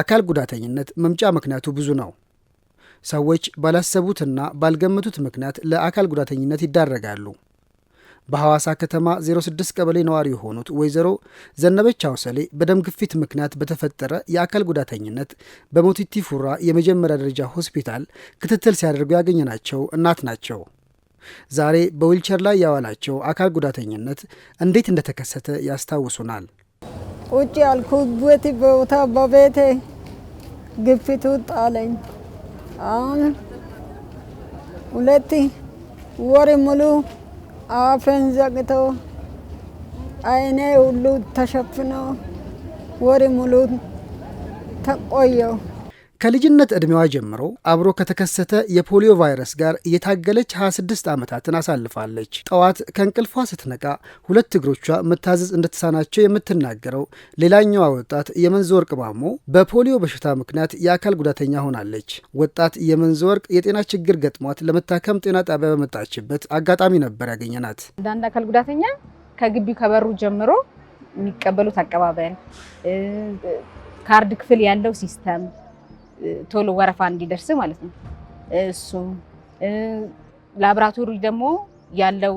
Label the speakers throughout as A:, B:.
A: አካል ጉዳተኝነት መምጫ ምክንያቱ ብዙ ነው። ሰዎች ባላሰቡትና ባልገመቱት ምክንያት ለአካል ጉዳተኝነት ይዳረጋሉ። በሐዋሳ ከተማ 06 ቀበሌ ነዋሪ የሆኑት ወይዘሮ ዘነበች አውሰሌ በደም ግፊት ምክንያት በተፈጠረ የአካል ጉዳተኝነት በሞቲቲ ፉራ የመጀመሪያ ደረጃ ሆስፒታል ክትትል ሲያደርጉ ያገኘናቸው እናት ናቸው። ዛሬ በዊልቸር ላይ ያዋላቸው አካል ጉዳተኝነት እንዴት እንደተከሰተ ያስታውሱናል።
B: ቁጭ ያልኩበት ቦታ በቤቴ ግፊቱ ጣለኝ። አሁን ሁለት ወር ሙሉ አፌን ዘግቶ አይኔ ሁሉ ተሸፍኖ ወር ሙሉ ተቆየው።
A: ከልጅነት ዕድሜዋ ጀምሮ አብሮ ከተከሰተ የፖሊዮ ቫይረስ ጋር እየታገለች 26 ዓመታትን አሳልፋለች። ጠዋት ከእንቅልፏ ስትነቃ ሁለት እግሮቿ መታዘዝ እንደተሳናቸው የምትናገረው ሌላኛዋ ወጣት ወርቅ ማሞ በፖሊዮ በሽታ ምክንያት የአካል ጉዳተኛ ሆናለች። ወጣት የመንዝወርቅ የጤና ችግር ገጥሟት ለመታከም ጤና ጣቢያ በመጣችበት አጋጣሚ ነበር ያገኘናት።
C: አንዳንድ አካል ጉዳተኛ ከግቢው ከበሩ ጀምሮ የሚቀበሉት አቀባበል ካርድ ክፍል ያለው ሲስተም ቶሎ ወረፋ እንዲደርስ ማለት ነው። እሱ ላብራቶሪ ደግሞ ያለው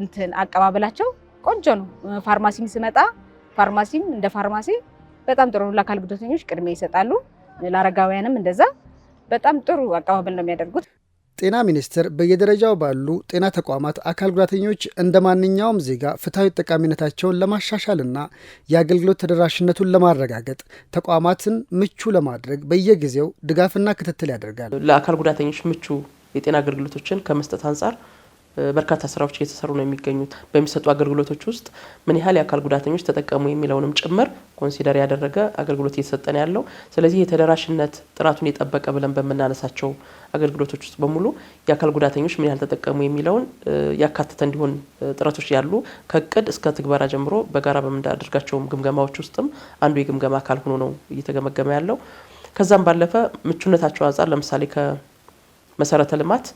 C: እንትን አቀባበላቸው ቆንጆ ነው። ፋርማሲም ስመጣ ፋርማሲም እንደ ፋርማሲ በጣም ጥሩ ነው። ለአካል ጉዳተኞች ቅድሚያ ይሰጣሉ። ለአረጋውያንም እንደዛ በጣም ጥሩ አቀባበል ነው የሚያደርጉት።
A: ጤና ሚኒስቴር በየደረጃው ባሉ ጤና ተቋማት አካል ጉዳተኞች እንደ ማንኛውም ዜጋ ፍትሐዊ ጠቃሚነታቸውን ለማሻሻልና የአገልግሎት ተደራሽነቱን ለማረጋገጥ ተቋማትን ምቹ ለማድረግ በየጊዜው ድጋፍና ክትትል ያደርጋል።
D: ለአካል ጉዳተኞች ምቹ የጤና አገልግሎቶችን ከመስጠት አንጻር በርካታ ስራዎች እየተሰሩ ነው የሚገኙት። በሚሰጡ አገልግሎቶች ውስጥ ምን ያህል የአካል ጉዳተኞች ተጠቀሙ የሚለውንም ጭምር ኮንሲደር ያደረገ አገልግሎት እየተሰጠ ነው ያለው። ስለዚህ የተደራሽነት ጥራቱን የጠበቀ ብለን በምናነሳቸው አገልግሎቶች ውስጥ በሙሉ የአካል ጉዳተኞች ምን ያህል ተጠቀሙ የሚለውን ያካተተ እንዲሆን ጥረቶች ያሉ ከእቅድ እስከ ትግበራ ጀምሮ በጋራ በምናደርጋቸውም ግምገማዎች ውስጥም አንዱ የግምገማ አካል ሆኖ ነው እየተገመገመ ያለው። ከዛም ባለፈ ምቹነታቸው አንጻር ለምሳሌ ከመሰረተ ልማት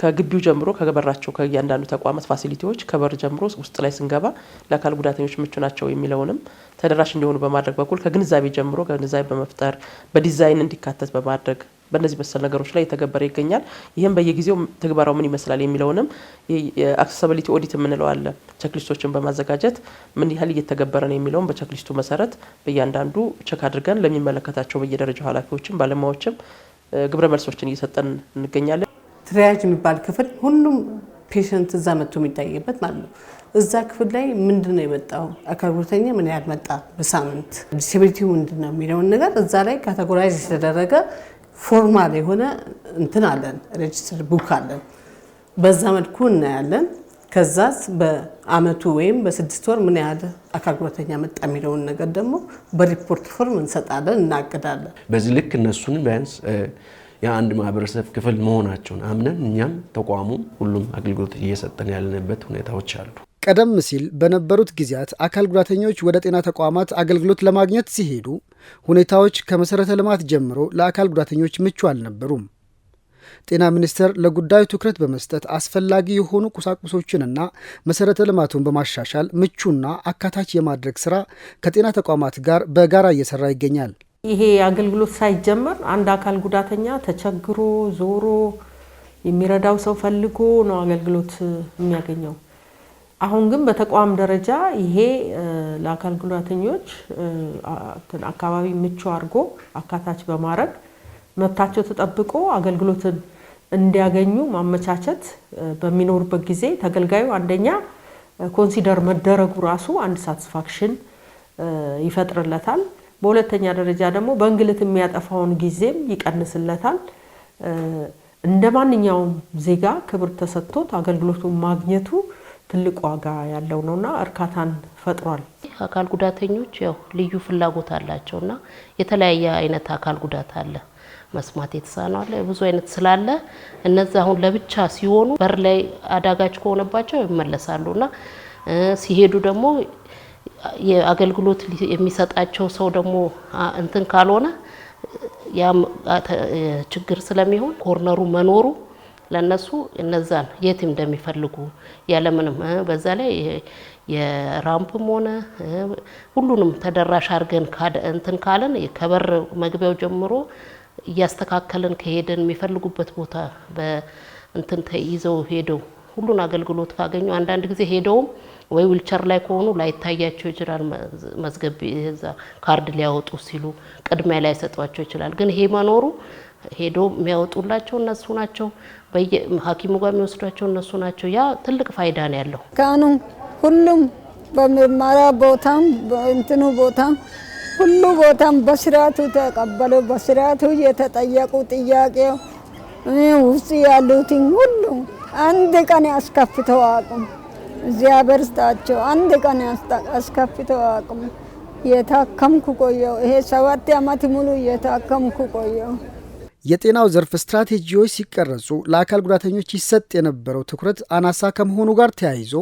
D: ከግቢው ጀምሮ ከበራቸው ከእያንዳንዱ ተቋማት ፋሲሊቲዎች ከበር ጀምሮ ውስጥ ላይ ስንገባ ለአካል ጉዳተኞች ምቹ ናቸው የሚለውንም ተደራሽ እንዲሆኑ በማድረግ በኩል ከግንዛቤ ጀምሮ ከግንዛቤ በመፍጠር በዲዛይን እንዲካተት በማድረግ በእነዚህ መሰል ነገሮች ላይ የተገበረ ይገኛል። ይህም በየጊዜው ትግበራው ምን ይመስላል የሚለውንም የአክሰሰብሊቲ ኦዲት የምንለው አለ። ቸክሊስቶችን በማዘጋጀት ምን ያህል እየተገበረ ነው የሚለውን በቸክሊስቱ መሰረት በእያንዳንዱ ቸክ አድርገን ለሚመለከታቸው በየደረጃው ኃላፊዎችም ባለሙያዎችም ግብረ መልሶችን እየሰጠን እንገኛለን።
E: ትሪያጅ የሚባል ክፍል ሁሉም ፔሸንት እዛ መጥቶ የሚታይበት ማለት ነው። እዛ ክፍል ላይ ምንድን ነው የመጣው አካል ጉዳተኛ ምን ያህል መጣ በሳምንት ዲስብሊቲው ምንድን ነው የሚለውን ነገር እዛ ላይ ካተጎራይዝ የተደረገ ፎርማል የሆነ እንትን አለን፣ ሬጅስትር ቡክ አለን። በዛ መልኩ እናያለን። ከዛስ በአመቱ ወይም በስድስት ወር ምን ያህል አካል ጉዳተኛ መጣ የሚለውን ነገር ደግሞ በሪፖርት ፎርም እንሰጣለን፣ እናቅዳለን።
F: በዚህ ልክ እነሱን ቢያንስ የአንድ ማህበረሰብ ክፍል መሆናቸውን አምነን እኛም ተቋሙ ሁሉም አገልግሎት እየሰጠን ያለንበት ሁኔታዎች አሉ።
A: ቀደም ሲል በነበሩት ጊዜያት አካል ጉዳተኞች ወደ ጤና ተቋማት አገልግሎት ለማግኘት ሲሄዱ ሁኔታዎች ከመሠረተ ልማት ጀምሮ ለአካል ጉዳተኞች ምቹ አልነበሩም። ጤና ሚኒስቴር ለጉዳዩ ትኩረት በመስጠት አስፈላጊ የሆኑ ቁሳቁሶችንና መሠረተ ልማቱን በማሻሻል ምቹና አካታች የማድረግ ስራ ከጤና ተቋማት ጋር በጋራ እየሰራ ይገኛል።
G: ይሄ አገልግሎት ሳይጀመር አንድ አካል ጉዳተኛ ተቸግሮ ዞሮ የሚረዳው ሰው ፈልጎ ነው አገልግሎት የሚያገኘው። አሁን ግን በተቋም ደረጃ ይሄ ለአካል ጉዳተኞች አካባቢ ምቹ አድርጎ አካታች በማድረግ መብታቸው ተጠብቆ አገልግሎትን እንዲያገኙ ማመቻቸት በሚኖርበት ጊዜ ተገልጋዩ አንደኛ ኮንሲደር መደረጉ ራሱ አንድ ሳቲስፋክሽን ይፈጥርለታል። በሁለተኛ ደረጃ ደግሞ በእንግልት የሚያጠፋውን ጊዜም ይቀንስለታል። እንደ ማንኛውም ዜጋ ክብር ተሰጥቶት አገልግሎቱን ማግኘቱ ትልቅ ዋጋ ያለው ነውና እርካታን ፈጥሯል።
H: አካል ጉዳተኞች ያው ልዩ ፍላጎት አላቸው እና የተለያየ አይነት አካል ጉዳት አለ፣ መስማት የተሳነው አለ፣ ብዙ አይነት ስላለ እነዚ አሁን ለብቻ ሲሆኑ በር ላይ አዳጋች ከሆነባቸው ይመለሳሉ እና ሲሄዱ ደግሞ የአገልግሎት የሚሰጣቸው ሰው ደግሞ እንትን ካልሆነ ያም ችግር ስለሚሆን ኮርነሩ መኖሩ ለነሱ እነዛን የት እንደሚፈልጉ ያለምንም በዛ ላይ የራምፕም ሆነ ሁሉንም ተደራሽ አድርገን እንትን ካለን ከበር መግቢያው ጀምሮ እያስተካከልን ከሄደን የሚፈልጉበት ቦታ በእንትን ተይዘው ሄደው ሁሉን አገልግሎት ካገኙ አንዳንድ ጊዜ ሄደውም ወይ ዊልቸር ላይ ከሆኑ ላይታያቸው ይችላል። መዝገብ ዛ ካርድ ሊያወጡ ሲሉ ቅድሚያ ሰጧቸው ይችላል። ግን ይሄ መኖሩ ሄዶ የሚያወጡላቸው እነሱ ናቸው። ሐኪሙ ጋር የሚወስዷቸው እነሱ ናቸው። ያ ትልቅ ፋይዳ ነው ያለው።
I: ካኑ ሁሉም በመማሪያ ቦታም በእንትኑ ቦታም ሁሉ ቦታም በስርዓቱ ተቀበሉ፣ በስርዓቱ የተጠየቁ ጥያቄው ውስጥ ያሉትን ሁሉ አንድ ቀን ያስከፍተው አቁም እግዚአብሔር ስጣቸው። አንድ ቀን አስከፍተው አቅም የታከምኩ ቆየው። ይሄ ሰባት ዓመት ሙሉ የታከምኩ ቆየው።
A: የጤናው ዘርፍ ስትራቴጂዎች ሲቀረጹ ለአካል ጉዳተኞች ይሰጥ የነበረው ትኩረት አናሳ ከመሆኑ ጋር ተያይዞ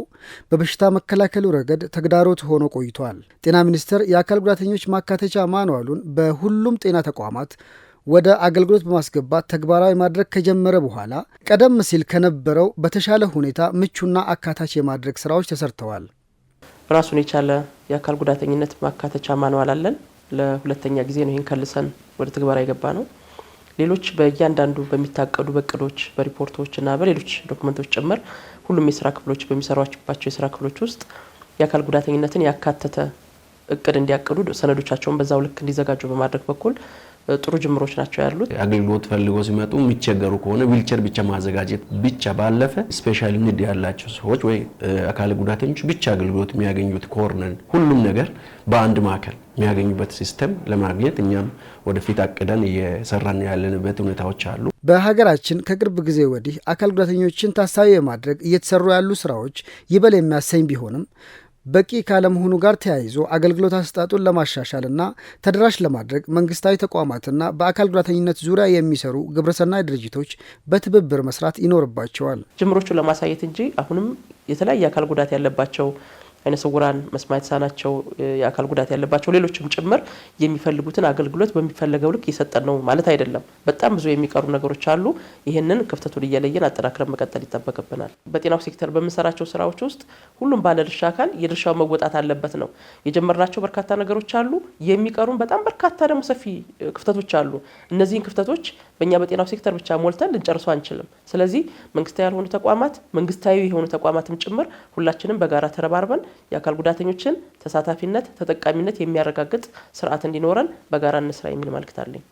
A: በበሽታ መከላከሉ ረገድ ተግዳሮት ሆኖ ቆይቷል። ጤና ሚኒስቴር የአካል ጉዳተኞች ማካተቻ ማኑዋሉን በሁሉም ጤና ተቋማት ወደ አገልግሎት በማስገባት ተግባራዊ ማድረግ ከጀመረ በኋላ ቀደም ሲል ከነበረው በተሻለ ሁኔታ ምቹና አካታች የማድረግ ስራዎች ተሰርተዋል።
J: ራሱን የቻለ የአካል ጉዳተኝነት ማካተቻ ማንዋል አለን። ለሁለተኛ ጊዜ ነው ይህን ከልሰን ወደ ትግበራ የገባ ነው። ሌሎች በእያንዳንዱ በሚታቀዱ በእቅዶች፣ በሪፖርቶች እና በሌሎች ዶክመንቶች ጭምር ሁሉም የስራ ክፍሎች በሚሰሯባቸው የስራ ክፍሎች ውስጥ የአካል ጉዳተኝነትን ያካተተ እቅድ እንዲያቅዱ ሰነዶቻቸውን በዛው ልክ እንዲዘጋጁ በማድረግ በኩል ጥሩ ጅምሮች ናቸው ያሉት።
K: አገልግሎት ፈልገው ሲመጡ የሚቸገሩ ከሆነ ዊልቸር ብቻ ማዘጋጀት ብቻ ባለፈ ስፔሻል ኒድ ያላቸው ሰዎች ወይ አካል ጉዳተኞች ብቻ አገልግሎት የሚያገኙት ኮርነር ሁሉም ነገር በአንድ ማዕከል የሚያገኙበት ሲስተም ለማግኘት እኛም ወደፊት አቅደን እየሰራን ያለንበት ሁኔታዎች አሉ።
A: በሀገራችን ከቅርብ ጊዜ ወዲህ አካል ጉዳተኞችን ታሳቢ በማድረግ እየተሰሩ ያሉ ስራዎች ይበል የሚያሰኝ ቢሆንም በቂ ካለመሆኑ ጋር ተያይዞ አገልግሎት አሰጣጡን ለማሻሻልና ተደራሽ ለማድረግ መንግስታዊ ተቋማትና በአካል ጉዳተኝነት ዙሪያ የሚሰሩ ግብረሰናይ ድርጅቶች በትብብር መስራት ይኖርባቸዋል።
L: ጅምሮቹ ለማሳየት እንጂ አሁንም የተለያየ አካል ጉዳት ያለባቸው አይነ ስውራን፣ መስማት የተሳናቸው፣ የአካል ጉዳት ያለባቸው ሌሎችም ጭምር የሚፈልጉትን አገልግሎት በሚፈለገው ልክ እየሰጠን ነው ማለት አይደለም። በጣም ብዙ የሚቀሩ ነገሮች አሉ። ይህንን ክፍተቱን እየለየን አጠናክረን መቀጠል ይጠበቅብናል። በጤናው ሴክተር በምንሰራቸው ስራዎች ውስጥ ሁሉም ባለድርሻ አካል የድርሻው መወጣት አለበት ነው። የጀመርናቸው በርካታ ነገሮች አሉ። የሚቀሩን በጣም በርካታ ደግሞ ሰፊ ክፍተቶች አሉ። እነዚህን ክፍተቶች በእኛ በጤናው ሴክተር ብቻ ሞልተን ልንጨርሰው አንችልም። ስለዚህ መንግስታዊ ያልሆኑ ተቋማት፣ መንግስታዊ የሆኑ ተቋማትም ጭምር ሁላችንም በጋራ ተረባርበን የአካል ጉዳተኞችን ተሳታፊነት፣ ተጠቃሚነት የሚያረጋግጥ ስርዓት እንዲኖረን በጋራ እንስራ የሚል መልእክት አለኝ።